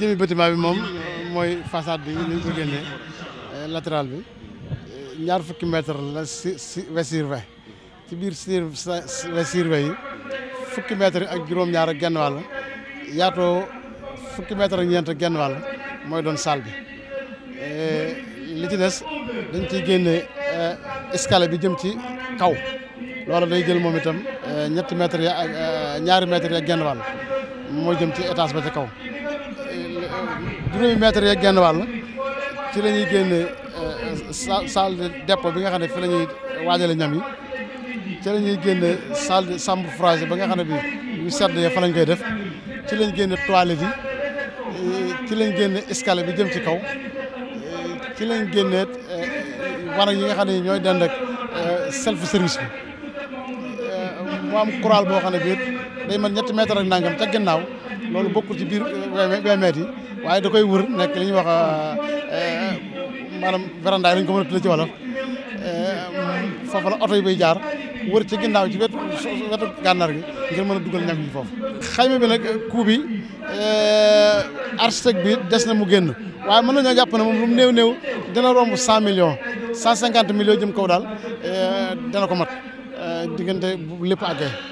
jëmi bâtiment bi moom mooy façade bi ni ñu ko génnee euh, latéral bi euh, ñaar fukki mètre la si si sur vingt ci biir sur sur vingt yi fukki mètre ak juróom-ñaar ak genn wàll yaatoo fukki mètre ñeent ak genn wàll mooy doon salle bi euh, li ci des dañ ciy génne escalier bi jëm ci kaw loolu day jël moom itam ñetti mètres yi ak ñaari mètres ya genn wàll moo jëm ci étage ba ca kaw juróomi mètre yeeg genn wàll ci lañuy ñuy génne euh, salle de bi nga xam ne fi la ñuy waajale ñam yi ci la ñuy génne salle de chambre froide ba nga xam ne bi yu sedd ya fa lañ koy def ci lañ génne toilette yi euh, ci lañ génne escalier bi jëm ci kaw euh, ci lañ génne wanag yi nga xam ne ñooy dend ak self service bi mu am boo xam ne bi day mën ñetti mètre ak nangam ca ginnaaw loolu bokkul ci biir vingt euh, mètres yi waaye da koy wër nekk li ñuy wax euh, euh, maanaam véranda lañ ko mën a tuddee ci wolof foofu la oto yi bay jaar wër ci ginnaaw ci wetu wetu gànnaar gi ngir mën a dugal ñam yi foofu. xayma bi nag coût bi architecte bi des na mu génn waaye mën nañoo jàpp ne moom lu mu néew néew dina romb cent millions cent cinquante millions jëm kaw daal dana ko mat diggante lépp àggee.